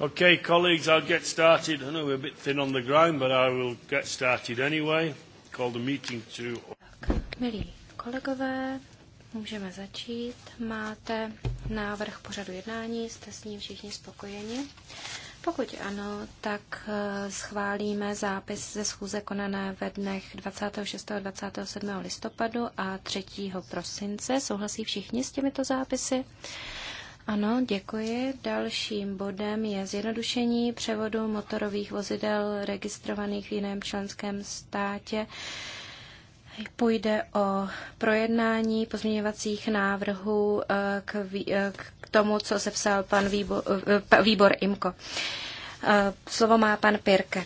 Okay, colleagues, I'll get started. I know we're a bit thin on the ground, but I will get started anyway. Call the meeting to... milí kolegové, můžeme začít. Máte návrh pořadu jednání, jste s ním všichni spokojeni? Pokud ano, tak eh, schválíme zápis ze schůze konané ve dnech 26. a 27. listopadu a 3. prosince. Souhlasí všichni s těmito zápisy? Ano, děkuji. Dalším bodem je zjednodušení převodu motorových vozidel registrovaných v jiném členském státě. Půjde o projednání pozměňovacích návrhů eh, k, eh, k tomu, co se psal pan eh, výbor, výbor IMKO. Slovo má pan Pirker.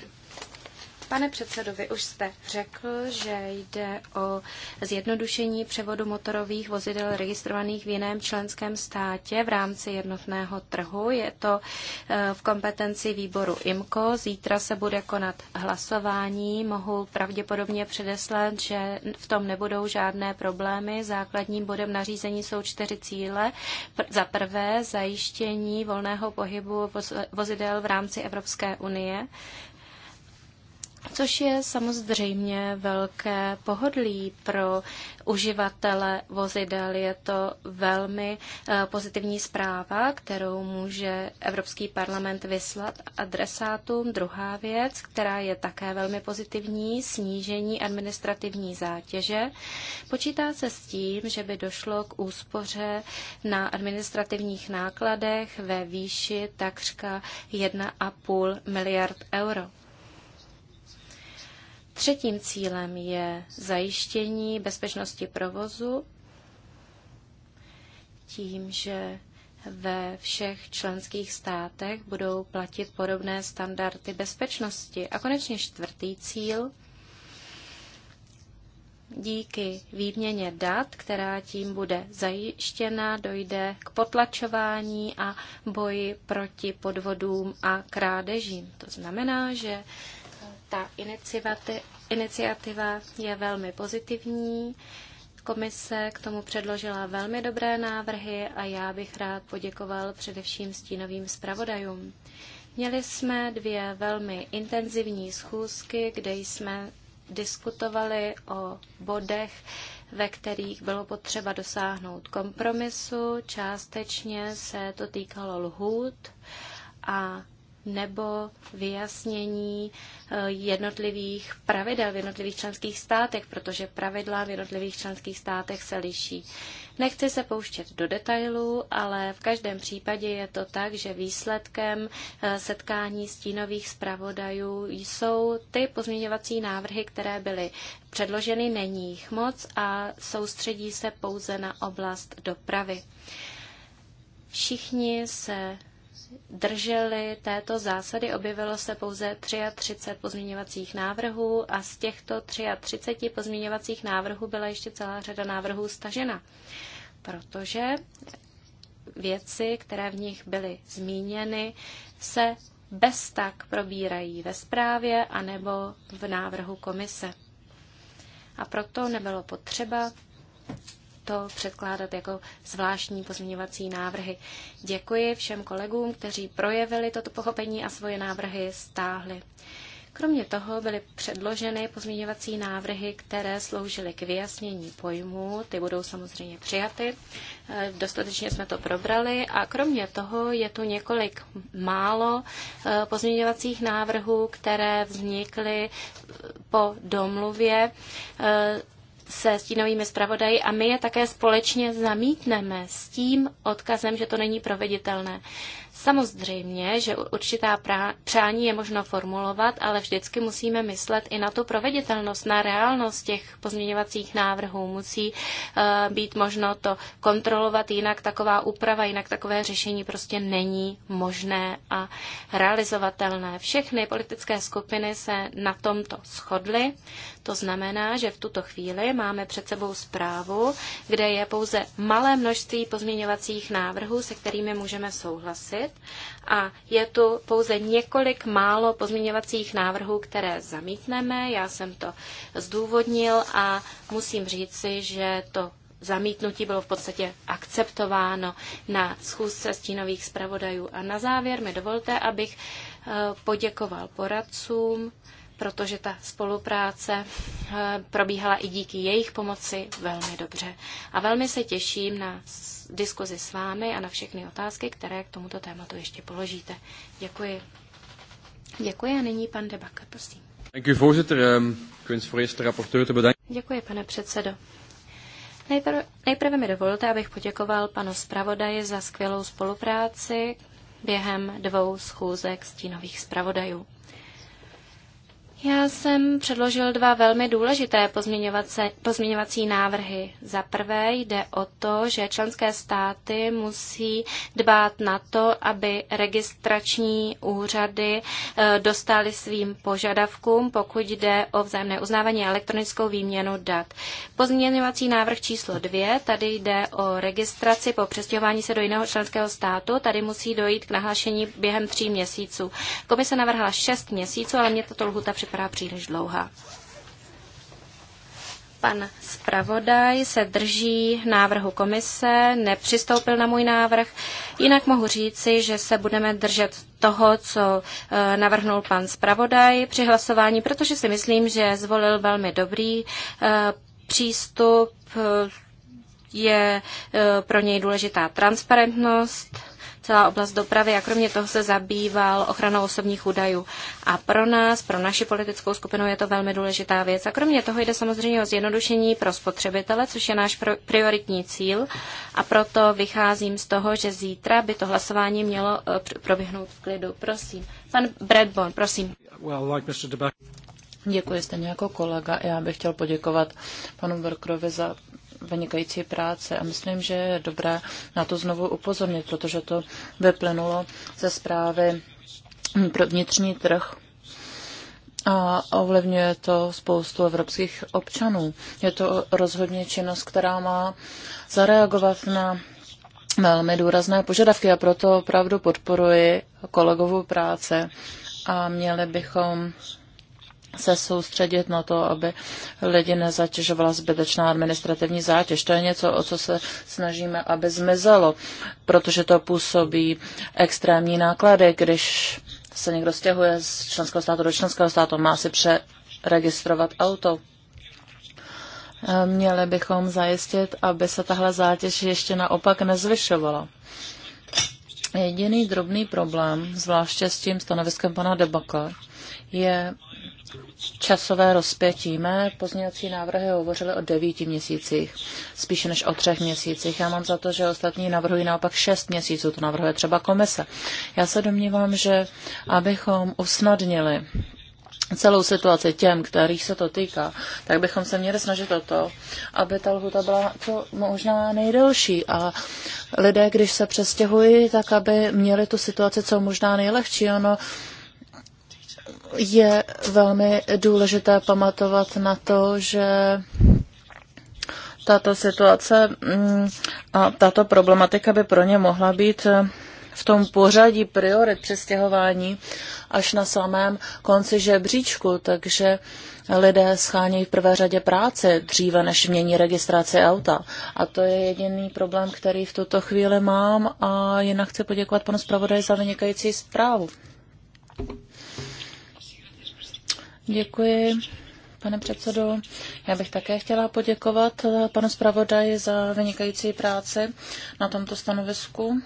Pane předsedo, vy už jste řekl, že jde o zjednodušení převodu motorových vozidel registrovaných v jiném členském státě v rámci jednotného trhu. Je to eh, v kompetenci výboru IMCO. Zítra se bude konat hlasování. Mohu pravděpodobně předeslat, že v tom nebudou žádné problémy. Základním bodem nařízení jsou čtyři cíle. Za prvé zajištění volného pohybu vozidel v rámci Evropské unie což je samozřejmě velké pohodlí pro uživatele vozidel. Je to velmi eh, pozitivní zpráva, kterou může Evropský parlament vyslat adresátům. Druhá věc, která je také velmi pozitivní, snížení administrativní zátěže. Počítá se s tím, že by došlo k úspoře na administrativních nákladech ve výši takřka 1,5 miliard euro. Třetím cílem je zajištění bezpečnosti provozu tím, že ve všech členských státech budou platit podobné standardy bezpečnosti. A konečně čtvrtý cíl. Díky výměně dat, která tím bude zajištěna, dojde k potlačování a boji proti podvodům a krádežím. To znamená, že ta iniciativa je velmi pozitivní. Komise k tomu předložila velmi dobré návrhy a já bych rád poděkoval především stínovým zpravodajům. Měli jsme dvě velmi intenzivní schůzky, kde jsme diskutovali o bodech, ve kterých bylo potřeba dosáhnout kompromisu. Částečně se to týkalo lhůt a nebo vyjasnění eh, jednotlivých pravidel v jednotlivých členských státech, protože pravidla v jednotlivých členských státech se liší. Nechci se pouštět do detailů, ale v každém případě je to tak, že výsledkem eh, setkání stínových zpravodajů jsou ty pozměňovací návrhy, které byly předloženy, není jich moc a soustředí se pouze na oblast dopravy. Všichni se drželi této zásady. Objevilo se pouze 33 pozměňovacích návrhů a z těchto 33 pozměňovacích návrhů byla ještě celá řada návrhů stažena, protože věci, které v nich byly zmíněny, se bez tak probírají ve zprávě anebo v návrhu komise. A proto nebylo potřeba to předkládat jako zvláštní pozměňovací návrhy. Děkuji všem kolegům, kteří projevili toto pochopení a svoje návrhy stáhli. Kromě toho byly předloženy pozměňovací návrhy, které sloužily k vyjasnění pojmů. Ty budou samozřejmě přijaty. Eh, dostatečně jsme to probrali. A kromě toho je tu několik málo eh, pozměňovacích návrhů, které vznikly eh, po domluvě se stínovými zpravodaji a my je také společně zamítneme s tím odkazem, že to není proveditelné. Samozřejmě, že určitá přání je možno formulovat, ale vždycky musíme myslet i na tu proveditelnost, na reálnost těch pozměňovacích návrhů. Musí uh, být možno to kontrolovat, jinak taková úprava, jinak takové řešení prostě není možné a realizovatelné. Všechny politické skupiny se na tomto shodly. To znamená, že v tuto chvíli máme před sebou zprávu, kde je pouze malé množství pozměňovacích návrhů, se kterými můžeme souhlasit podpořit. A je tu pouze několik málo pozměňovacích návrhů, které zamítneme. Já jsem to zdůvodnil a musím říci, že to zamítnutí bylo v podstatě akceptováno na schůzce stínových zpravodajů. A na závěr mi dovolte, abych eh, poděkoval poradcům, protože ta spolupráce eh, probíhala i díky jejich pomoci velmi dobře. A velmi se těším na diskuzi s vámi a na všechny otázky, které k tomuto tématu ještě položíte. Děkuji. Děkuji a nyní pan Debaka, prosím. Ehm, Děkuji, pane předsedo. Nejprve, nejprve mi dovolte, abych poděkoval panu zpravodaji za skvělou spolupráci během dvou schůzek stínových zpravodajů. Já jsem předložil dva velmi důležité pozměňovací návrhy. Za prvé jde o to, že členské státy musí dbát na to, aby registrační úřady eh, dostály svým požadavkům, pokud jde o vzájemné uznávání a elektronickou výměnu dat. Pozměňovací návrh číslo dvě, tady jde o registraci po přestěhování se do jiného členského státu. Tady musí dojít k nahlášení během tří měsíců. Komise navrhla šest měsíců, ale mě tato lhuta připadá nevypadá příliš dlouhá. Pan zpravodaj se drží návrhu komise, nepřistoupil na můj návrh. Jinak mohu říci, že se budeme držet toho, co eh, navrhnul pan zpravodaj při hlasování, protože si myslím, že zvolil velmi dobrý eh, přístup eh, je e, pro něj důležitá transparentnost, celá oblast dopravy a kromě toho se zabýval ochranou osobních údajů. A pro nás, pro naši politickou skupinu je to velmi důležitá věc. A kromě toho jde samozřejmě o zjednodušení pro spotřebitele, což je náš prioritní cíl. A proto vycházím z toho, že zítra by to hlasování mělo e, proběhnout v klidu. Prosím. Pan Bradbon, prosím. Well, like Mr. Děkuji, stejně jako kolega. Já bych chtěl poděkovat panu Berkrovi za vynikající práci a myslím, že je dobré na to znovu upozornit, protože to vyplynulo ze zprávy pro vnitřní trh a ovlivňuje to spoustu evropských občanů. Je to rozhodně činnost, která má zareagovat na velmi důrazné požadavky a proto opravdu podporuji kolegovou práce a měli bychom se soustředit na to, aby lidi nezatěžovala zbytečná administrativní zátěž. To je něco, o co se snažíme, aby zmizelo, protože to působí extrémní náklady, když se někdo stěhuje z členského státu do členského státu, má si přeregistrovat auto. Měli bychom zajistit, aby se tahle zátěž ještě naopak nezvyšovala. Jediný drobný problém, zvláště s tím stanoviskem pana Debakla, je časové rozpětí. Mé pozměňovací návrhy hovořily o devíti měsících, spíše než o třech měsících. Já mám za to, že ostatní navrhují naopak šest měsíců, to navrhuje třeba komise. Já se domnívám, že abychom usnadnili celou situaci těm, kterých se to týká, tak bychom se měli snažit o to, aby ta lhuta byla co možná nejdelší a lidé, když se přestěhují, tak aby měli tu situaci co možná nejlehčí. Ono je velmi důležité pamatovat na to, že tato situace mm, a tato problematika by pro ně mohla být eh, v tom pořadí priorit přestěhování až na samém konci žebříčku, takže lidé schánějí v prvé řadě práce dříve, než mění registraci auta. A to je jediný problém, který v tuto chvíli mám a jinak chci poděkovat panu zpravodaji za vynikající zprávu. Děkuji. Pane předsedo, já bych také chtěla poděkovat panu zpravodaji za vynikající práci na tomto stanovisku.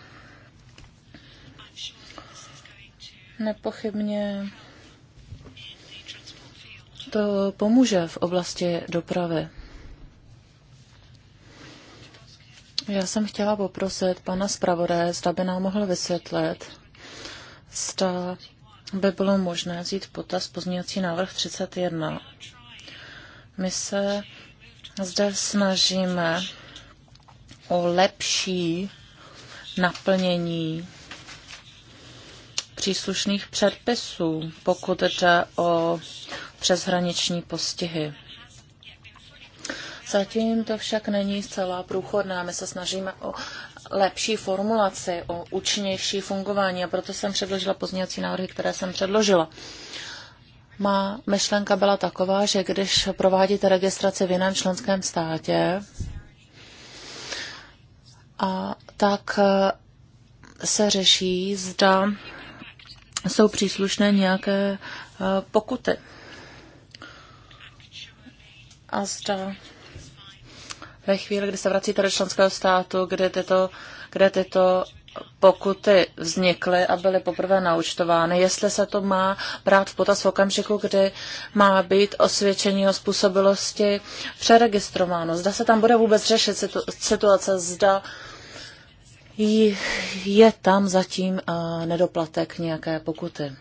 Nepochybně to pomůže v oblasti dopravy. Já jsem chtěla poprosit pana zpravodaje, zda by nám mohl vysvětlit, zda by bylo možné vzít potaz pozměňovací návrh 31. My se zde snažíme o lepší naplnění příslušných předpisů, pokud jde o přeshraniční postihy. Zatím to však není zcela průchodné. My se snažíme o lepší formulaci, o účinnější fungování a proto jsem předložila pozměňovací návrhy, které jsem předložila. Má myšlenka byla taková, že když provádíte registraci v jiném členském státě, a tak e, se řeší, zda jsou příslušné nějaké e, pokuty. A zda ve chvíli, kdy se vracíte do členského státu, kde tyto, kde tyto pokuty vznikly a byly poprvé naučtovány, jestli se to má brát v potaz v okamžiku, kdy má být osvědčení o způsobilosti přeregistrováno. Zda se tam bude vůbec řešit situace, zda je tam zatím eh, nedoplatek nějaké pokuty.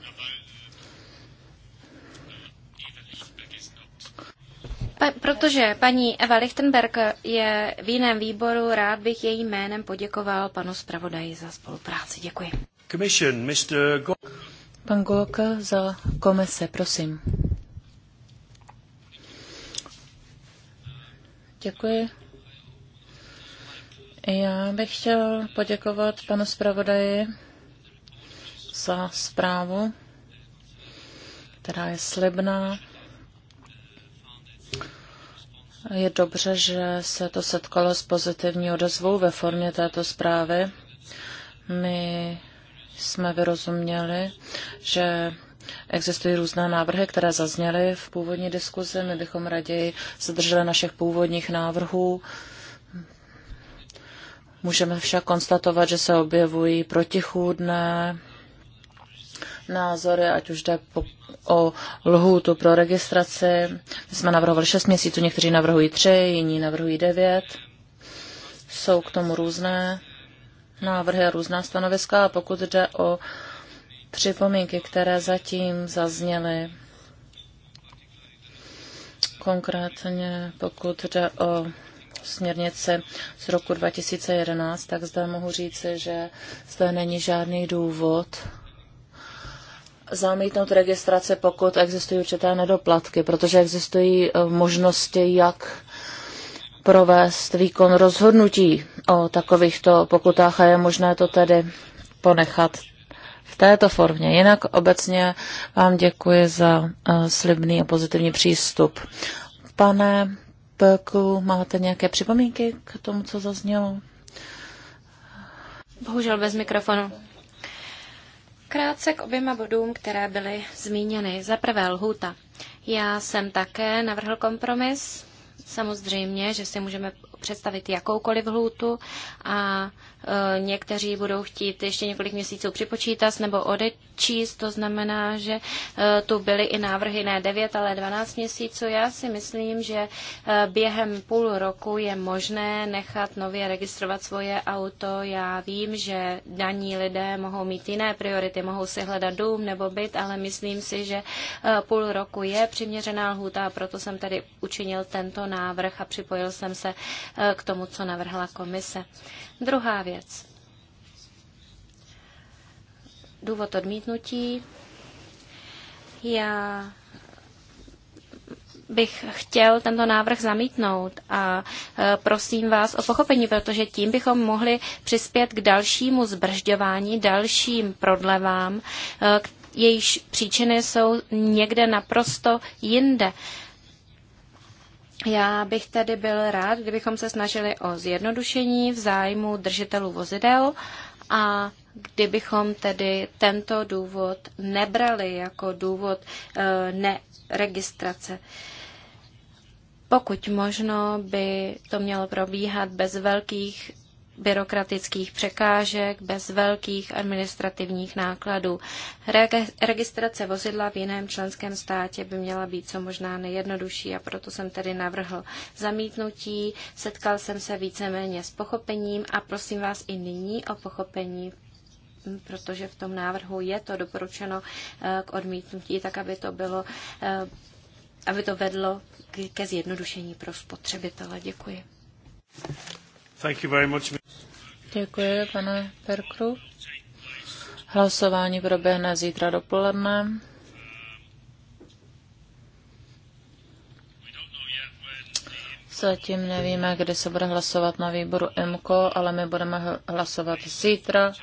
Pa, protože paní Eva Lichtenberg je v jiném výboru, rád bych její jménem poděkoval panu zpravodaji za spolupráci. Děkuji. Commission, Mr. Go- Pan Golka za komise, prosím. Děkuji. Já bych chtěl poděkovat panu zpravodaji za zprávu, která je slibná je dobře, že se to setkalo s pozitivní odezvou ve formě této zprávy. My jsme vyrozuměli, že Existují různé návrhy, které zazněly v původní diskuzi. My bychom raději zadrželi našich původních návrhů. Můžeme však konstatovat, že se objevují protichůdné názory, ať už jde po, o lhůtu pro registraci. My jsme navrhovali 6 měsíců, někteří navrhují 3, jiní navrhují 9. Jsou k tomu různé návrhy a různá stanoviska. A pokud jde o připomínky, které zatím zazněly, konkrétně pokud jde o směrnici z roku 2011, tak zde mohu říci, že zde není žádný důvod zamítnout registraci, pokud existují určité nedoplatky, protože existují e, možnosti, jak provést výkon rozhodnutí o takovýchto pokutách a je možné to tedy ponechat v této formě. Jinak obecně vám děkuji za e, slibný a pozitivní přístup. Pane Pelku, máte nějaké připomínky k tomu, co zaznělo? Bohužel bez mikrofonu. Krátce k oběma bodům, které byly zmíněny. Za prvé lhůta. Já jsem také navrhl kompromis. Samozřejmě, že si můžeme představit jakoukoliv lhůtu a Eh, někteří budou chtít ještě několik měsíců připočítat nebo odečíst. To znamená, že eh, tu byly i návrhy ne 9, ale 12 měsíců. Já si myslím, že eh, během půl roku je možné nechat nově registrovat svoje auto. Já vím, že daní lidé mohou mít jiné priority, mohou si hledat dům nebo byt, ale myslím si, že půl roku je přiměřená lhůta a proto jsem tady učinil tento návrh a připojil jsem se k tomu, co navrhla komise. Druhá věc. Důvod odmítnutí. Já bych chtěl tento návrh zamítnout a e, prosím vás o pochopení, protože tím bychom mohli přispět k dalšímu zbržďování, dalším prodlevám, e, jejíž příčiny jsou někde naprosto jinde. Já bych tedy byl rád, kdybychom se snažili o zjednodušení v zájmu držitelů vozidel a kdybychom tedy tento důvod nebrali jako důvod e, neregistrace. Pokud možno by to mělo probíhat bez velkých byrokratických překážek, bez velkých administrativních nákladů. Registrace vozidla v jiném členském státě by měla být co možná nejjednodušší a proto jsem tedy navrhl zamítnutí. Setkal jsem se víceméně s pochopením a prosím vás i nyní o pochopení protože v tom návrhu je to doporučeno eh, k odmítnutí, tak aby to bylo, eh, aby to vedlo ke zjednodušení pro spotřebitele. Děkuji. Thank you very much. Děkuji, pane Perkru. Hlasování proběhne zítra dopoledne. Zatím nevíme, kdy se bude hlasovat na výboru MKO, ale my budeme hlasovat zítra,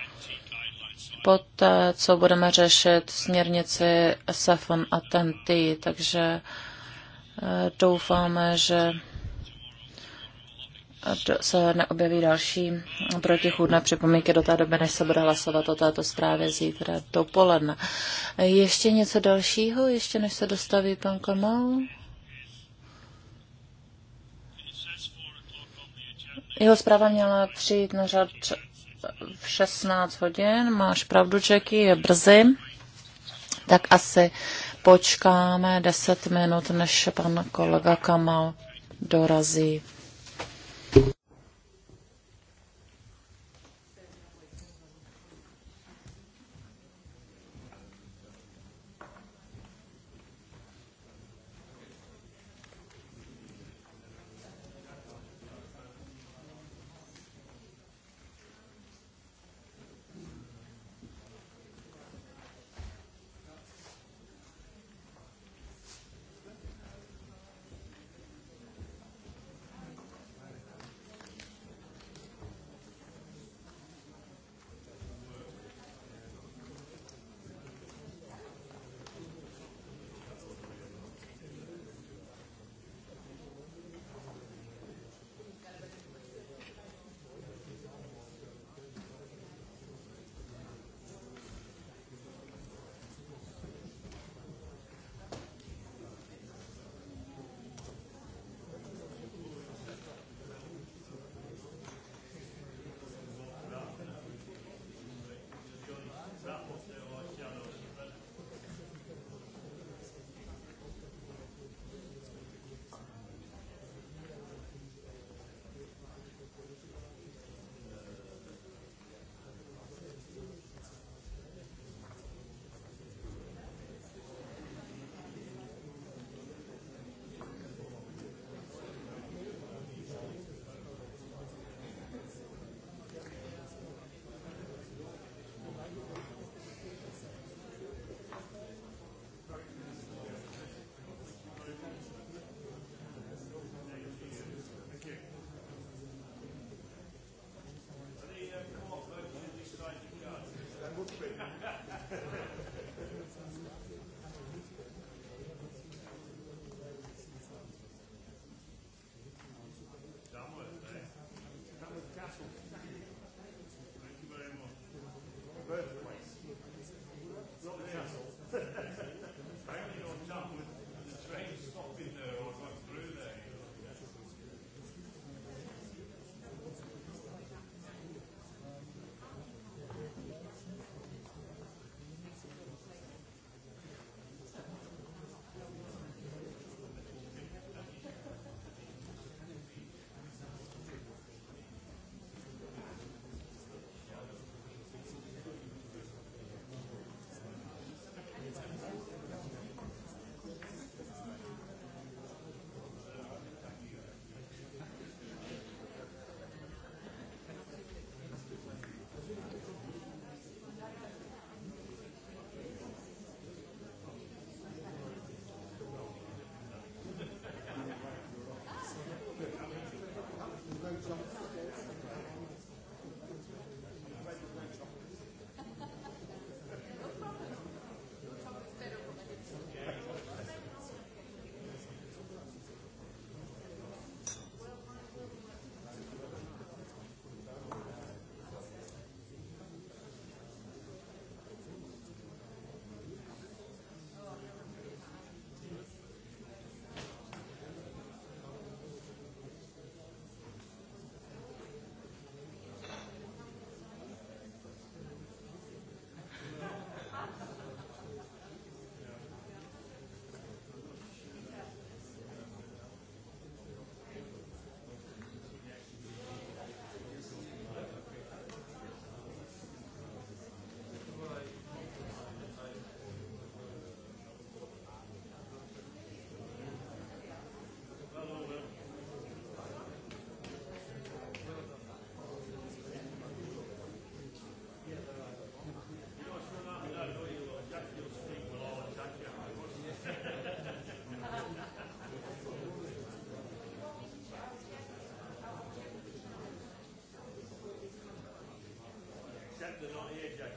poté, co budeme řešit směrnici SFN a TNT, takže eh, doufáme, že se neobjeví další protichůdné připomínky do té doby, než se bude hlasovat o této zprávě zítra dopoledne. Ještě něco dalšího, ještě než se dostaví pan Kamal? Jeho zpráva měla přijít na řad v 16 hodin. Máš pravdu, Čeky, je brzy. Tak asi počkáme 10 minut, než pan kolega Kamal dorazí. to not here, Jack.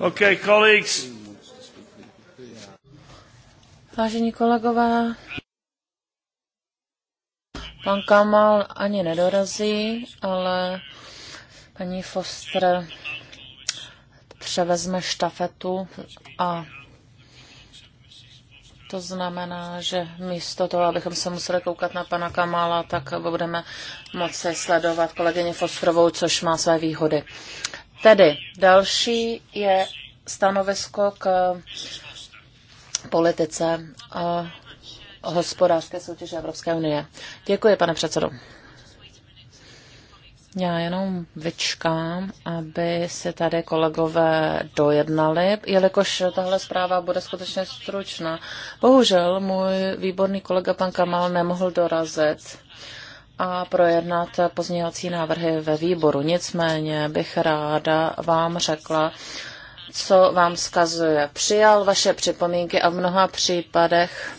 Okay, colleagues. Vážení kolegové, pan Kamal ani nedorazí, ale paní Foster převezme štafetu a to znamená, že místo toho, abychom se museli koukat na pana Kamala, tak budeme moci sledovat kolegyně Fosterovou, což má své výhody. Tedy další je stanovisko k politice a hospodářské soutěže Evropské unie. Děkuji, pane předsedo. Já jenom vyčkám, aby se tady kolegové dojednali, jelikož tahle zpráva bude skutečně stručná. Bohužel můj výborný kolega pan Kamal nemohl dorazit a projednat pozměňovací návrhy ve výboru. Nicméně bych ráda vám řekla, co vám vzkazuje. Přijal vaše připomínky a v mnoha případech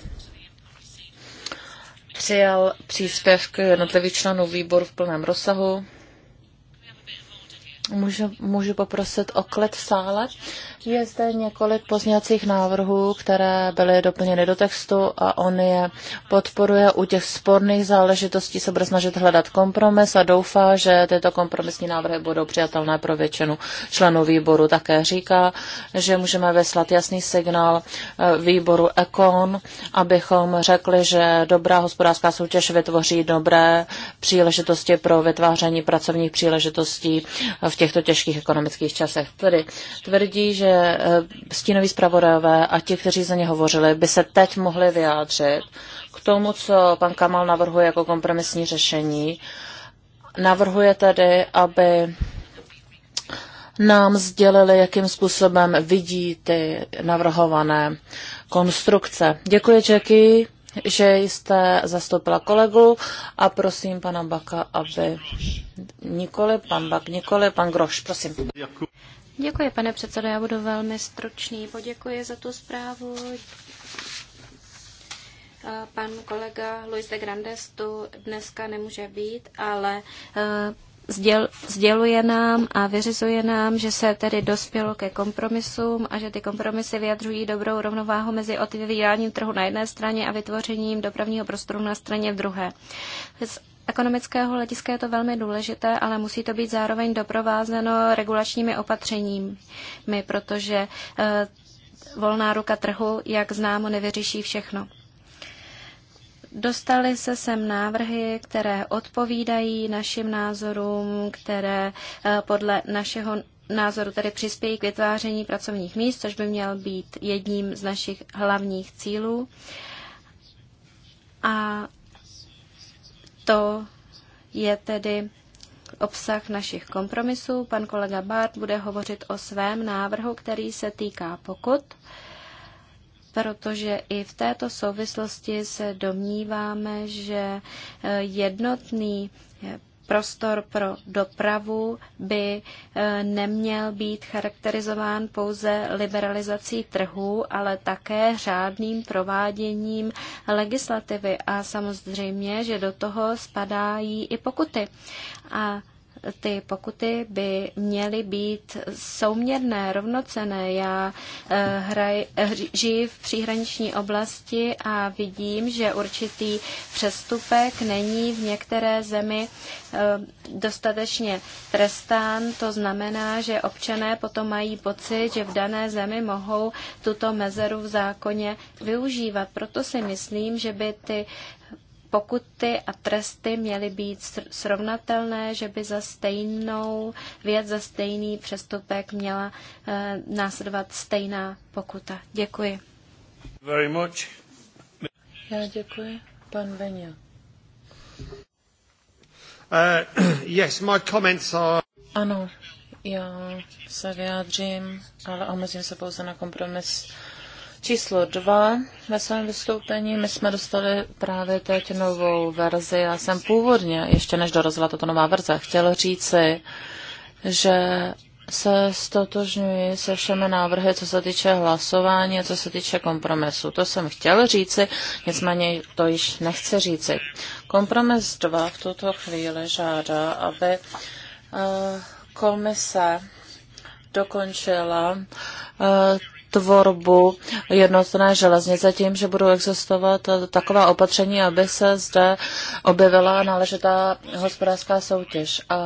přijal příspěvky jednotlivých členů výboru v plném rozsahu. Můžu, můžu poprosit o klid v sále? Je zde několik pozněcích návrhů, které byly doplněny do textu a on je podporuje. U těch sporných záležitostí se bude snažit hledat kompromis a doufá, že tyto kompromisní návrhy budou přijatelné pro většinu členů výboru. Také říká, že můžeme vyslat jasný signál eh, výboru ECON, abychom řekli, že dobrá hospodářská soutěž vytvoří dobré příležitosti pro vytváření pracovních příležitostí v těchto těžkých ekonomických časech. Tedy tvrdí, že Eh, stínoví zpravodajové a ti, kteří za ně hovořili, by se teď mohli vyjádřit k tomu, co pan Kamal navrhuje jako kompromisní řešení. Navrhuje tedy, aby nám sdělili, jakým způsobem vidí ty navrhované konstrukce. Děkuji, Jackie, že jste zastoupila kolegu a prosím pana Baka, aby nikoli, pan Bak nikoli, pan Groš, prosím. Děkuji, pane předsedo, já budu velmi stručný. Poděkuji za tu zprávu. Pan kolega Luis de Grandes tu dneska nemůže být, ale e, sděl, sděluje nám a vyřizuje nám, že se tedy dospělo ke kompromisům a že ty kompromisy vyjadřují dobrou rovnováhu mezi otvíráním trhu na jedné straně a vytvořením dopravního prostoru na straně druhé ekonomického hlediska je to velmi důležité, ale musí to být zároveň doprovázeno regulačními opatřeními, protože eh, volná ruka trhu, jak známo, nevyřeší všechno. Dostaly se sem návrhy, které odpovídají našim názorům, které eh, podle našeho názoru tedy přispějí k vytváření pracovních míst, což by měl být jedním z našich hlavních cílů. A to je tedy obsah našich kompromisů. Pan kolega Bart bude hovořit o svém návrhu, který se týká pokut, protože i v této souvislosti se domníváme, že jednotný prostor pro dopravu by eh, neměl být charakterizován pouze liberalizací trhu, ale také řádným prováděním legislativy a samozřejmě, že do toho spadají i pokuty. A ty pokuty by měly být souměrné, rovnocené. Já eh, hraj, eh, žiju v příhraniční oblasti a vidím, že určitý přestupek není v některé zemi eh, dostatečně trestán. To znamená, že občané potom mají pocit, že v dané zemi mohou tuto mezeru v zákoně využívat. Proto si myslím, že by ty pokuty a tresty měly být srovnatelné, že by za stejnou věc, za stejný přestupek měla eh, následovat stejná pokuta. Děkuji. Very much. Já děkuji. Pan Venil. Uh, eh, yes, my comments are... Ano, já se vyjádřím, ale omezím se pouze na kompromis číslo dva ve svém vystoupení. My jsme dostali právě teď novou verzi. Já jsem původně, ještě než dorazila tato nová verze, chtěl říci, že se stotožňuji se všemi návrhy, co se týče hlasování a co se týče kompromisu. To jsem chtěl říci, nicméně to již nechci říci. Kompromis 2 v tuto chvíli žádá, aby eh, komise dokončila eh, tvorbu jednotné železnice tím, že budou existovat taková opatření, aby se zde objevila náležitá hospodářská soutěž. A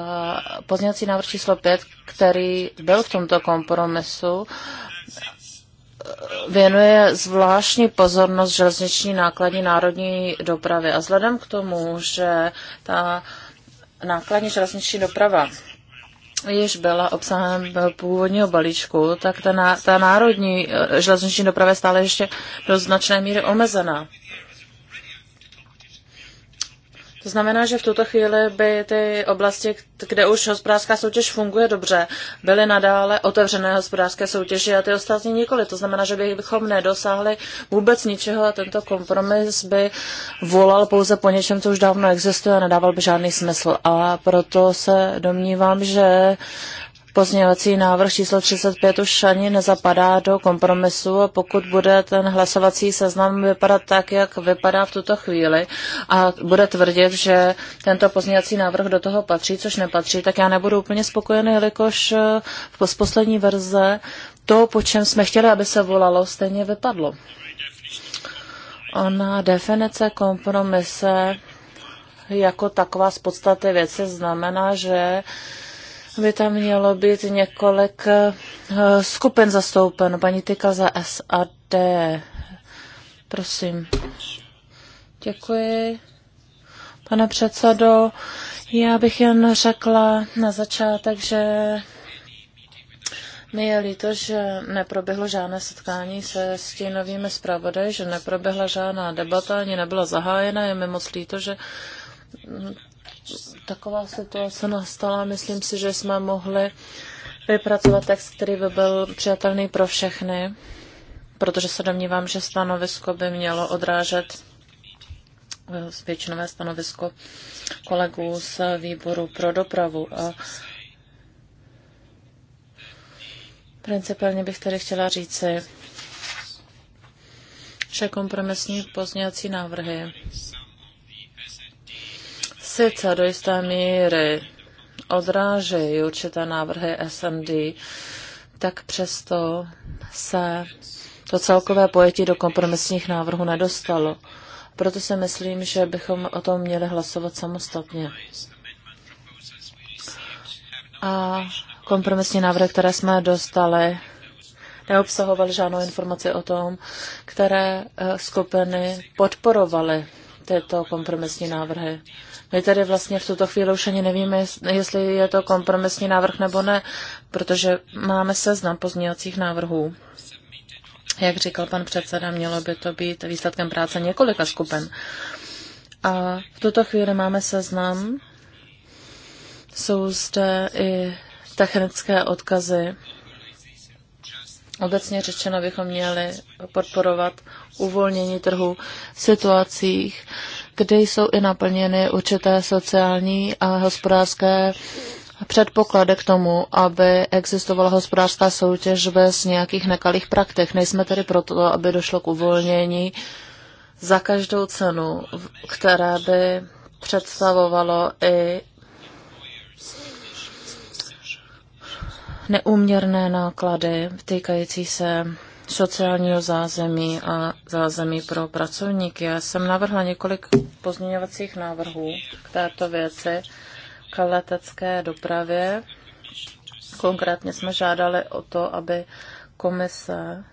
pozněcí návrh číslo 5, který byl v tomto kompromisu, věnuje zvláštní pozornost železniční nákladní národní dopravy. A vzhledem k tomu, že ta nákladní železniční doprava již byla obsahem původního balíčku, tak ta, ná, ta národní eh, železniční doprava je stále ještě do značné míry omezená. To znamená, že v tuto chvíli by ty oblasti, kde už hospodářská soutěž funguje dobře, byly nadále otevřené hospodářské soutěži a ty ostatní nikoli. To znamená, že bychom nedosáhli vůbec ničeho a tento kompromis by volal pouze po něčem, co už dávno existuje a nedával by žádný smysl. A proto se domnívám, že Pozměňovací návrh číslo 35 už ani nezapadá do kompromisu a pokud bude ten hlasovací seznam vypadat tak, jak vypadá v tuto chvíli a bude tvrdit, že tento pozměňovací návrh do toho patří, což nepatří, tak já nebudu úplně spokojený, jelikož eh, v poslední verze to, po čem jsme chtěli, aby se volalo, stejně vypadlo. Ona definice kompromise jako taková z podstaty věci znamená, že uh, by tam mělo být několik eh, skupin zastoupeno. Paní Tyka za SAD. Prosím. Děkuji. Pane předsedo, já bych jen řekla na začátek, že mi je líto, že neproběhlo žádné setkání se novými zpravodaj, že neproběhla žádná debata, ani nebyla zahájena. Je mi moc líto, že taková situace nastala. Myslím si, že jsme mohli vypracovat text, který by byl přijatelný pro všechny, protože se domnívám, že stanovisko by mělo odrážet eh, většinové stanovisko kolegů z výboru pro dopravu. A principálně bych tady chtěla říci, že kompromisní pozměňovací návrhy sice do jisté míry odrážejí určité návrhy SMD, tak přesto se to celkové pojetí do kompromisních návrhů nedostalo. Proto si myslím, že bychom o tom měli hlasovat samostatně. A kompromisní návrhy, které jsme dostali, neobsahovaly žádnou informaci o tom, které eh, skupiny podporovaly tyto kompromisní návrhy. My tady vlastně v tuto chvíli už ani nevíme, jestli je to kompromisní návrh nebo ne, protože máme seznam pozměňovacích návrhů. Jak říkal pan předseda, mělo by to být výsledkem práce několika skupin. A v tuto chvíli máme seznam. Jsou zde i technické odkazy. Obecně řečeno bychom měli podporovat uvolnění trhu v situacích, kde jsou i naplněny určité sociální a hospodářské předpoklady k tomu, aby existovala hospodářská soutěž bez nějakých nekalých praktik. Nejsme tedy proto, aby došlo k uvolnění za každou cenu, která by představovalo i neuměrné náklady týkající se sociálního zázemí a zázemí pro pracovníky. Já jsem navrhla několik pozměňovacích návrhů k této věci, k letecké dopravě. Konkrétně jsme žádali o to, aby komise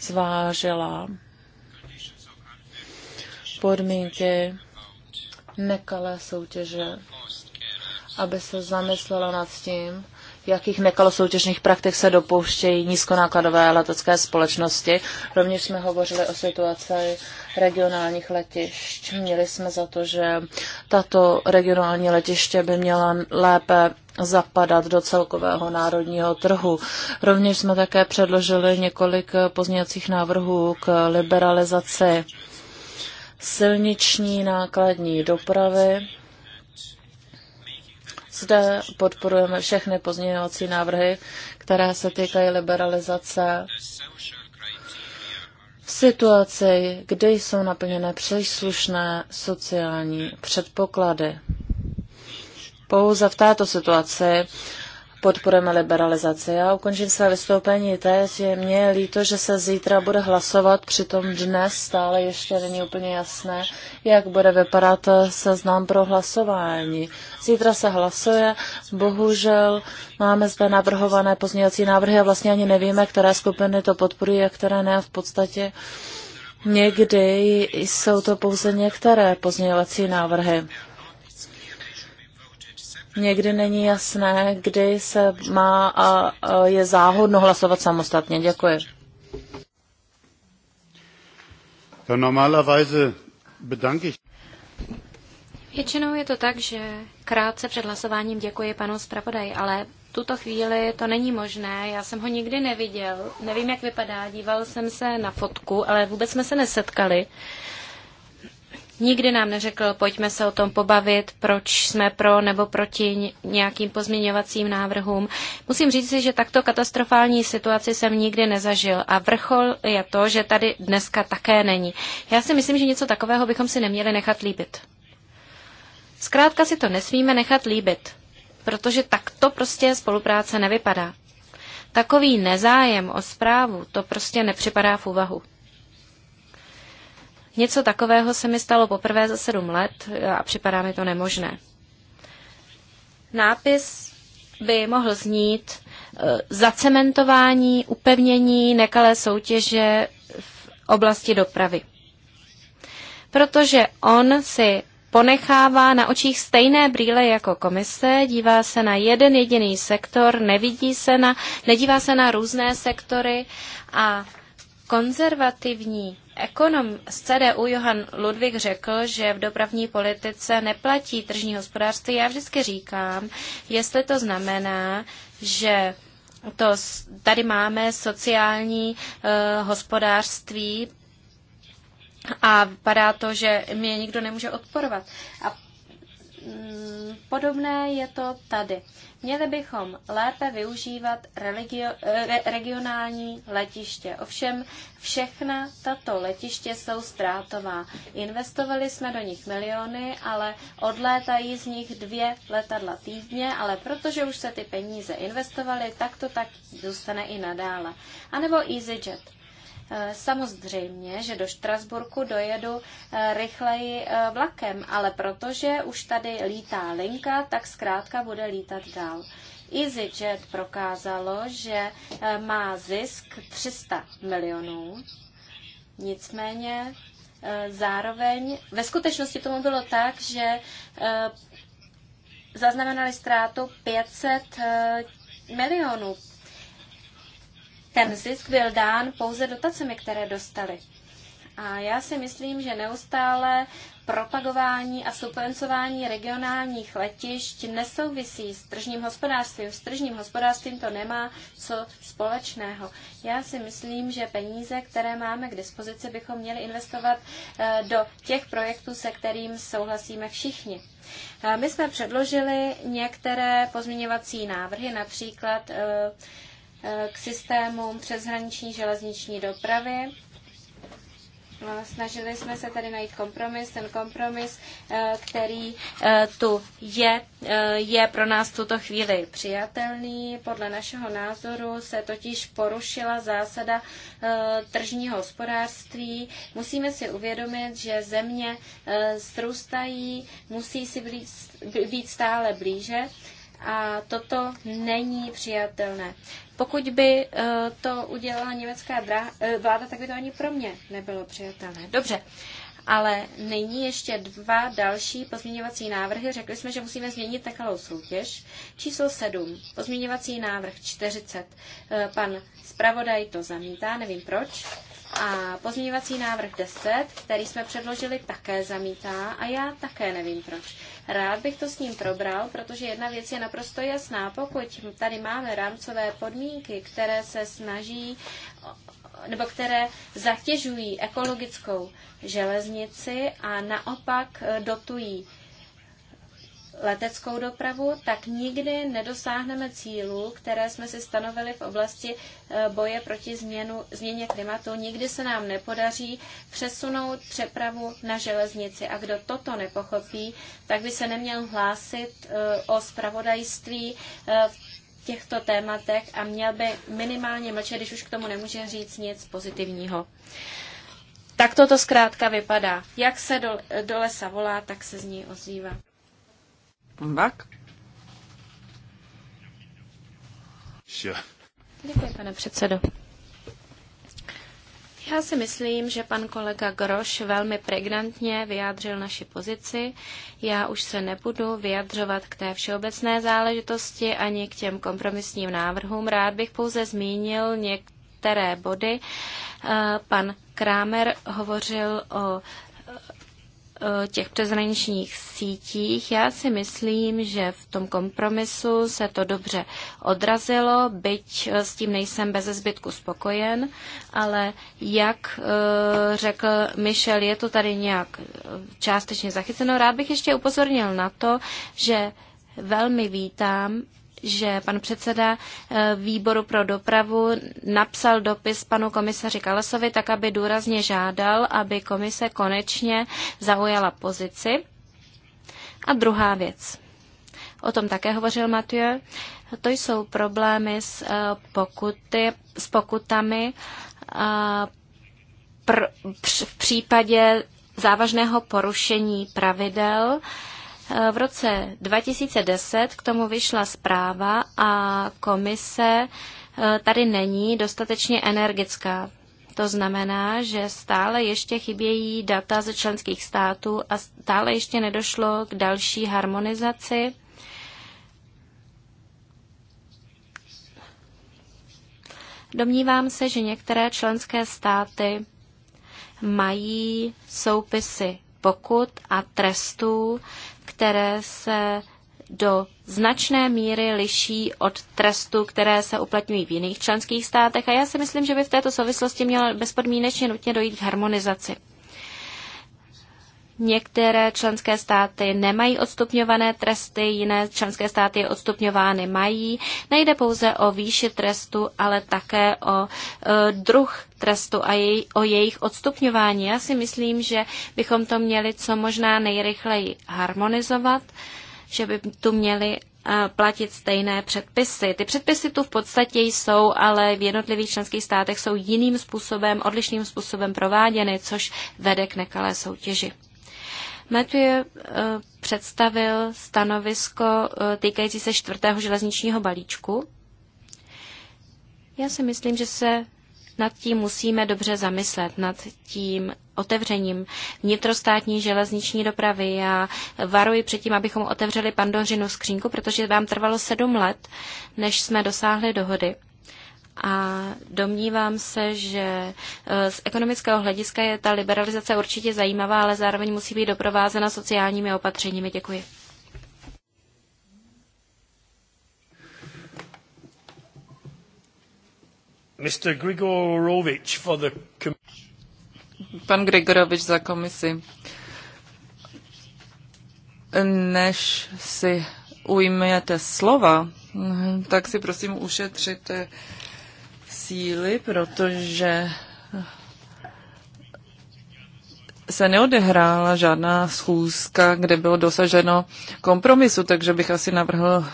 zvážila podmínky nekalé soutěže, aby se zamyslela nad tím, jakých nekalosoutěžných praktik se dopouštějí nízkonákladové letecké společnosti. Rovněž jsme hovořili o situaci regionálních letišť. Měli jsme za to, že tato regionální letiště by měla lépe zapadat do celkového národního trhu. Rovněž jsme také předložili několik pozměňovacích návrhů k liberalizaci silniční nákladní dopravy zde podporujeme všechny pozměňovací návrhy, které se týkají liberalizace v situaci, kdy jsou naplněné příslušné sociální předpoklady. Pouze v této situaci podporujeme liberalizaci. Já ukončím své vystoupení teď. Je mě líto, že se zítra bude hlasovat, přitom dnes stále ještě není úplně jasné, jak bude vypadat eh, seznam pro hlasování. Zítra se hlasuje, bohužel máme zde navrhované pozměňovací návrhy a vlastně ani nevíme, které skupiny to podporují a které ne. V podstatě někdy jsou to pouze některé pozměňovací návrhy někdy není jasné, kdy se má a, je záhodno hlasovat samostatně. Děkuji. Většinou je to tak, že krátce před hlasováním děkuji panu zpravodaji, ale tuto chvíli to není možné. Já jsem ho nikdy neviděl, nevím, jak vypadá, díval jsem se na fotku, ale vůbec jsme se nesetkali. Nikdy nám neřekl, pojďme se o tom pobavit, proč jsme pro nebo proti nějakým pozměňovacím návrhům. Musím říct si, že takto katastrofální situaci jsem nikdy nezažil a vrchol je to, že tady dneska také není. Já si myslím, že něco takového bychom si neměli nechat líbit. Zkrátka si to nesmíme nechat líbit, protože takto prostě spolupráce nevypadá. Takový nezájem o zprávu, to prostě nepřipadá v úvahu. Něco takového se mi stalo poprvé za sedm let a připadá mi to nemožné. Nápis by mohl znít eh, zacementování, upevnění nekalé soutěže v oblasti dopravy. Protože on si ponechává na očích stejné brýle jako komise, dívá se na jeden jediný sektor, nevidí se na, nedívá se na různé sektory a konzervativní Ekonom z CDU Johan Ludvík řekl, že v dopravní politice neplatí tržní hospodářství. Já vždycky říkám, jestli to znamená, že to, tady máme sociální uh, hospodářství a vypadá to, že mě nikdo nemůže odporovat. A Mm, podobné je to tady. Měli bychom lépe využívat religio, eh, re, regionální letiště. Ovšem všechna tato letiště jsou ztrátová. Investovali jsme do nich miliony, ale odlétají z nich dvě letadla týdně, ale protože už se ty peníze investovaly, tak to tak zůstane i nadále. A nebo EasyJet. Eh, samozřejmě, že do Štrasburku dojedu eh, rychleji eh, vlakem, ale protože už tady lítá linka, tak zkrátka bude lítat dál. EasyJet prokázalo, že má zisk 300 milionů, nicméně zároveň ve skutečnosti tomu bylo tak, že zaznamenali ztrátu 500 milionů, ten zisk byl dán pouze dotacemi, které dostali. A já si myslím, že neustále propagování a subvencování regionálních letišť nesouvisí s tržním hospodářstvím. S tržním hospodářstvím to nemá co společného. Já si myslím, že peníze, které máme k dispozici, bychom měli investovat eh, do těch projektů, se kterým souhlasíme všichni. Eh, my jsme předložili některé pozměňovací návrhy, například eh, k systémům přeshraniční železniční dopravy. No, snažili jsme se tady najít kompromis. Ten kompromis, eh, který eh, tu je, eh, je pro nás tuto chvíli přijatelný. Podle našeho názoru se totiž porušila zásada tržního hospodářství. Musíme si uvědomit, že země srůstají, musí si být stále blíže a toto není přijatelné. Pokud by eh, to udělala německá eh, vláda, tak by to ani pro mě nebylo přijatelné. Dobře, ale nyní ještě dva další pozměňovací návrhy. Řekli jsme, že musíme změnit takovou soutěž. Číslo 7, pozměňovací návrh 40. Eh, pan zpravodaj to zamítá, nevím proč. A pozměňovací návrh 10, který jsme předložili, také zamítá a já také nevím proč. Rád bych to s ním probral, protože jedna věc je naprosto jasná. Pokud tady máme rámcové podmínky, které se snaží nebo které zatěžují ekologickou železnici a naopak dotují leteckou dopravu, tak nikdy nedosáhneme cílů, které jsme si stanovili v oblasti eh, boje proti změnu, změně klimatu. Nikdy se nám nepodaří přesunout přepravu na železnici. A kdo toto nepochopí, tak by se neměl hlásit eh, o spravodajství eh, v těchto tématech a měl by minimálně mlčet, když už k tomu nemůže říct nic pozitivního. Tak toto zkrátka vypadá. Jak se do, do lesa volá, tak se z ní ozývá. Vak. Děkuji, pane předsedo. Já si myslím, že pan kolega Groš velmi pregnantně vyjádřil naši pozici. Já už se nebudu vyjadřovat k té všeobecné záležitosti ani k těm kompromisním návrhům. Rád bych pouze zmínil některé body. Eh, pan Krámer hovořil o Eh, těch přezraničních sítích. Já si myslím, že v tom kompromisu se to dobře odrazilo, byť eh, s tím nejsem bez zbytku spokojen, ale jak eh, řekl Michel, je to tady nějak částečně zachyceno. Rád bych ještě upozornil na to, že velmi vítám že pan předseda eh, výboru pro dopravu napsal dopis panu komisaři Kalasovi, tak aby důrazně žádal, aby komise konečně zaujala pozici. A druhá věc, o tom také hovořil Mathieu, to jsou problémy s, eh, pokuty, s pokutami eh, pr, pr, v případě závažného porušení pravidel. V roce 2010 k tomu vyšla zpráva a komise eh, tady není dostatečně energická. To znamená, že stále ještě chybějí data ze členských států a stále ještě nedošlo k další harmonizaci. Domnívám se, že některé členské státy mají soupisy pokut a trestů, které se do značné míry liší od trestů, které se uplatňují v jiných členských státech a já si myslím, že by v této souvislosti mělo bezpodmínečně nutně dojít k harmonizaci. Některé členské státy nemají odstupňované tresty, jiné členské státy odstupňovány mají. Nejde pouze o výši trestu, ale také o e, druh trestu a jej, o jejich odstupňování. Já si myslím, že bychom to měli co možná nejrychleji harmonizovat, že by tu měli eh, platit stejné předpisy. Ty předpisy tu v podstatě jsou, ale v jednotlivých členských státech jsou jiným způsobem, odlišným způsobem prováděny, což vede k nekalé soutěži. Matthew eh, představil stanovisko eh, týkající se čtvrtého železničního balíčku. Já si myslím, že se nad tím musíme dobře zamyslet, nad tím otevřením vnitrostátní železniční dopravy. Já varuji před tím, abychom otevřeli pandořinu skřínku, protože vám trvalo sedm let, než jsme dosáhli dohody. A domnívám se, že e, z ekonomického hlediska je ta liberalizace určitě zajímavá, ale zároveň musí být doprovázena sociálními opatřeními. Děkuji. Mr. Grigorovic for the Pan Grigorovič za komisi. Než si ujmete slova, tak si prosím ušetřete síly, protože se neodehrála žádná schůzka, kde bylo dosaženo kompromisu, takže bych asi navrhl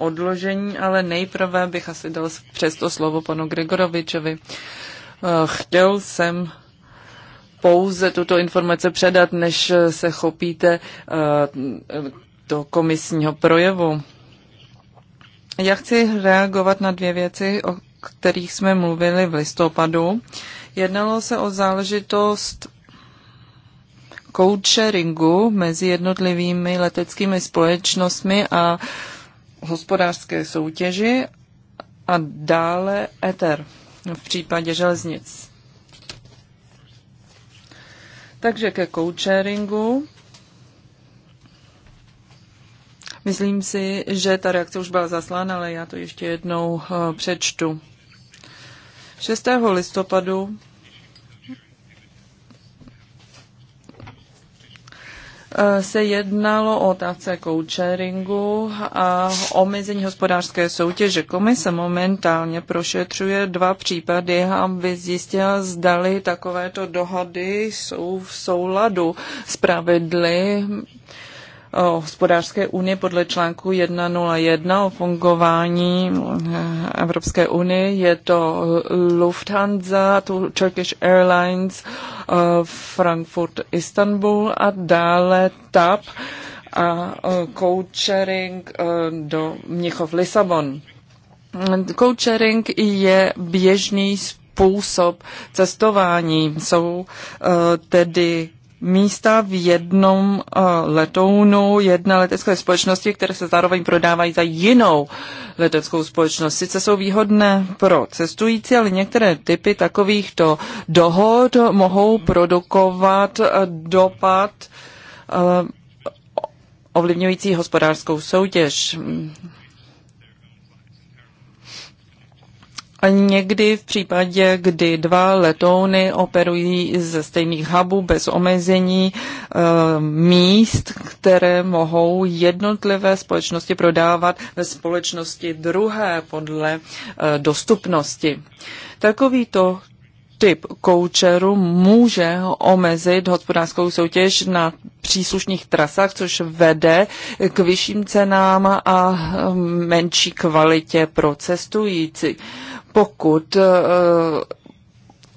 odložení, ale nejprve bych asi dal přesto slovo panu Gregorovičovi. Eh, chtěl jsem pouze tuto informace předat, než se chopíte eh, do komisního projevu. Já chci reagovat na dvě věci, o kterých jsme mluvili v listopadu. Jednalo se o záležitost co mezi jednotlivými leteckými společnostmi a hospodářské soutěži a dále ETER v případě železnic. Takže ke co-sharingu. Myslím si, že ta reakce už byla zaslána, ale já to ještě jednou eh, přečtu. 6. listopadu Eh, se jednalo o otázce co-sharingu a omezení hospodářské soutěže. Komise momentálně prošetřuje dva případy, aby zjistila, zdali takovéto dohady jsou v souladu s pravidly hospodářské unie podle článku 101 o fungování Evropské unie. Je to Lufthansa, Turkish Airlines, eh, Frankfurt, Istanbul a dále TAP a coachering eh, eh, do Mnichov Lisabon. Coachering je běžný způsob cestování. Jsou tedy místa v jednom eh, letounu jedné letecké společnosti, které se zároveň prodávají za jinou leteckou společnost. Sice jsou výhodné pro cestující, ale některé typy takovýchto dohod mohou produkovat eh, dopad eh, ovlivňující hospodářskou soutěž. A někdy v případě, kdy dva letouny operují ze stejných hubů bez omezení eh, míst, které mohou jednotlivé společnosti prodávat ve společnosti druhé podle eh, dostupnosti. Takovýto typ koučeru může omezit hospodářskou soutěž na příslušných trasách, což vede k vyšším cenám a eh, menší kvalitě pro cestující pokud eh,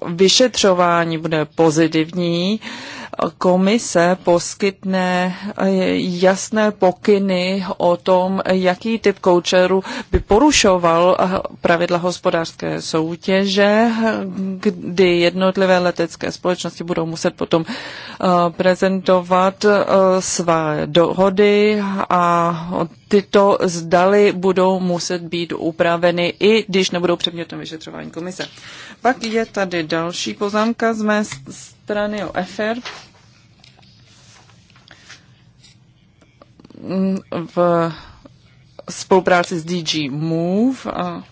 vyšetřování bude pozitivní, komise poskytne eh, jasné pokyny o tom, jaký typ koučerů by porušoval eh, pravidla hospodářské soutěže, kdy jednotlivé letecké společnosti budou muset potom prezentovat svá dohody a tyto zdaly budou muset být upraveny, i když nebudou předmětem vyšetřování komise. Pak je tady další poznámka z mé strany o EFER. V spolupráci s DG Move. A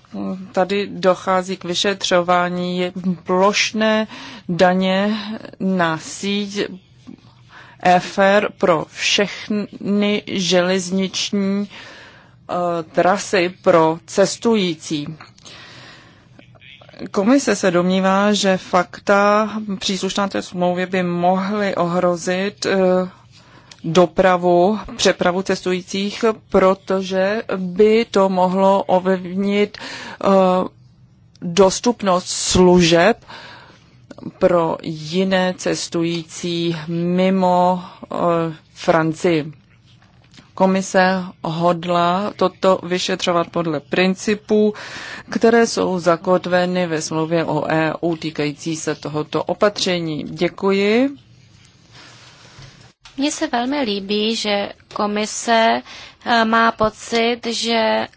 tady dochází k vyšetřování plošné daně na síť EFR pro všechny železniční e, trasy pro cestující. Komise se domnívá, že fakta příslušná té smlouvě by mohly ohrozit e, dopravu, přepravu cestujících, protože by to mohlo ovlivnit e, dostupnost služeb pro jiné cestující mimo eh, Francii. Komise hodla toto vyšetřovat podle principů, které jsou zakotveny ve smlouvě o EU týkající se tohoto opatření. Děkuji. Mně se velmi líbí, že komise eh, má pocit, že eh,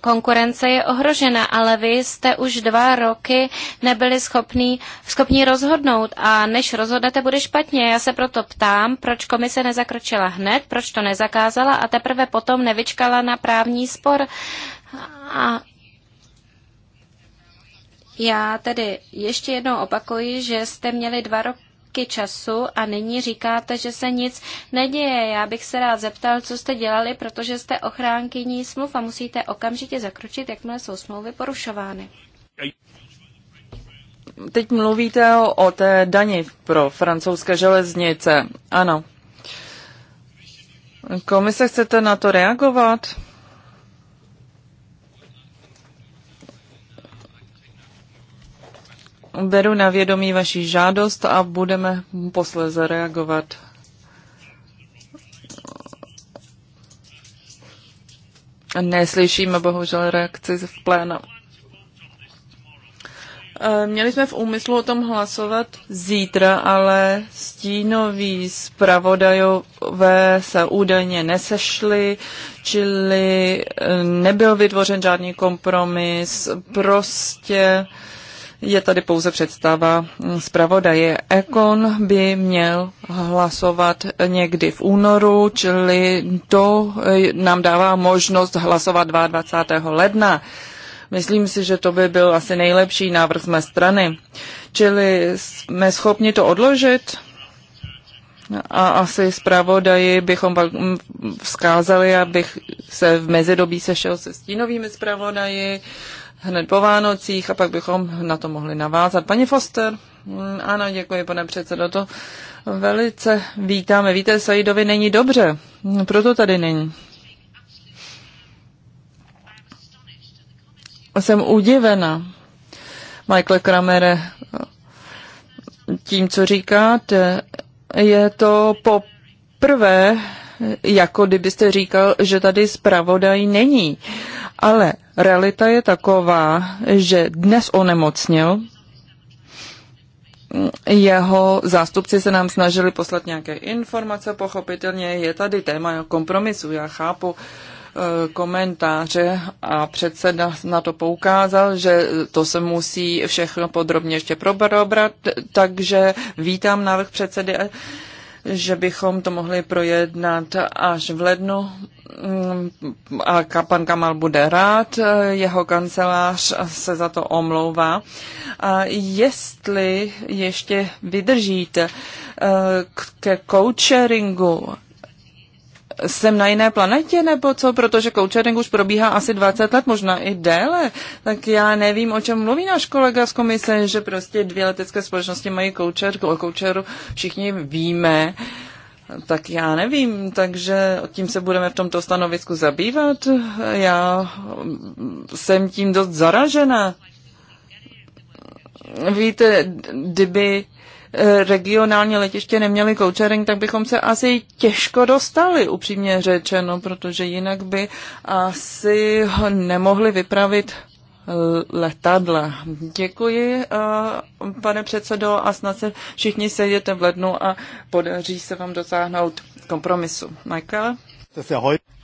konkurence je ohrožena, ale vy jste už dva roky nebyli schopní, schopní rozhodnout a než rozhodnete, bude špatně. Já se proto ptám, proč komise nezakročila hned, proč to nezakázala a teprve potom nevyčkala na právní spor. A já tedy ještě jednou opakuji, že jste měli dva roky zbytky času a nyní říkáte, že se nic neděje. Já bych se rád zeptal, co jste dělali, protože jste ochránkyní smluv a musíte okamžitě zakročit, jakmile jsou smlouvy porušovány. Teď mluvíte o, o té dani pro francouzské železnice. Ano. Komise, chcete na to reagovat? Beru na vědomí vaši žádost a budeme posléze reagovat. Neslyšíme bohužel reakci v plénu. E, měli jsme v úmyslu o tom hlasovat zítra, ale stínoví zpravodajové se údajně nesešli, čili e, nebyl vytvořen žádný kompromis. Prostě uh, je tady pouze představa zpravodaje. Ekon by měl hlasovat někdy v únoru, čili to eh, nám dává možnost hlasovat 22. ledna. Myslím si, že to by byl asi nejlepší návrh z mé strany. Čili jsme schopni to odložit? A asi zpravodaji bychom vzkázali, abych se v mezidobí sešel se stínovými zpravodaji hned po Vánocích a pak bychom na to mohli navázat. Paní Foster, ano, děkuji, pane předsedo, to velice vítáme. Víte, Saidovi není dobře, proto tady není. Jsem udivena, Michael Kramere, tím, co říkáte. Je to poprvé, jako kdybyste říkal, že tady zpravodaj není. Ale realita je taková, že dnes onemocnil, jeho zástupci se nám snažili poslat nějaké informace, pochopitelně je tady téma kompromisu, já chápu eh, komentáře a předseda na to poukázal, že to se musí všechno podrobně ještě probrat, takže vítám návrh předsedy že bychom to mohli projednat až v lednu a pan Kamal bude rád, jeho kancelář se za to omlouvá. A jestli ještě vydržíte eh, ke coacheringu jsem na jiné planetě nebo co, protože coaching už probíhá asi 20 let, možná i déle, tak já nevím, o čem mluví náš kolega z komise, že prostě dvě letecké společnosti mají coacher, o coacheru všichni víme, tak já nevím, takže tím se budeme v tomto stanovisku zabývat. Já jsem tím dost zaražena. Víte, kdyby Eh, regionální letiště neměli coachering, tak bychom se asi těžko dostali, upřímně řečeno, protože jinak by asi ho nemohli vypravit eh, letadla. Děkuji, eh, pane předsedo, a snad se všichni sejdete v lednu a podaří se vám dosáhnout kompromisu. Michael?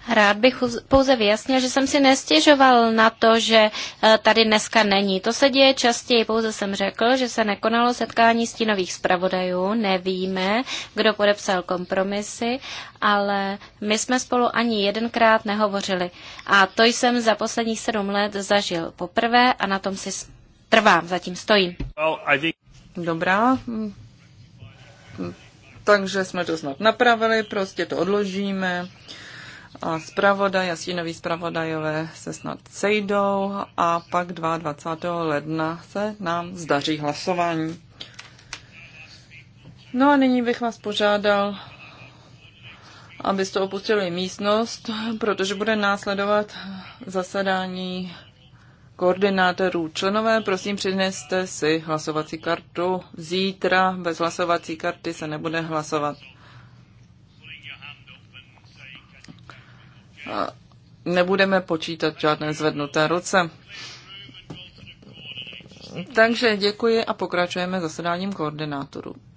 Rád bych pouze vyjasnil, že jsem si nestěžoval na to, že eh, tady dneska není. To se děje častěji, pouze jsem řekl, že se nekonalo setkání stínových zpravodajů, nevíme, kdo podepsal kompromisy, ale my jsme spolu ani jedenkrát nehovořili. A to jsem za posledních sedm let zažil poprvé a na tom si trvám, zatím stojím. Dobrá, mm. Mm. takže jsme to snad napravili, prostě to odložíme zpravodaj a stínoví zpravodajové se snad sejdou a pak 22. ledna se nám zdaří hlasování. No a nyní bych vás požádal, abyste opustili místnost, protože bude následovat zasedání koordinátorů. Členové, prosím, přineste si hlasovací kartu. Zítra bez hlasovací karty se nebude hlasovat. nebudeme počítat žádné zvednuté ruce. Takže děkuji a pokračujeme zasedáním koordinátorů.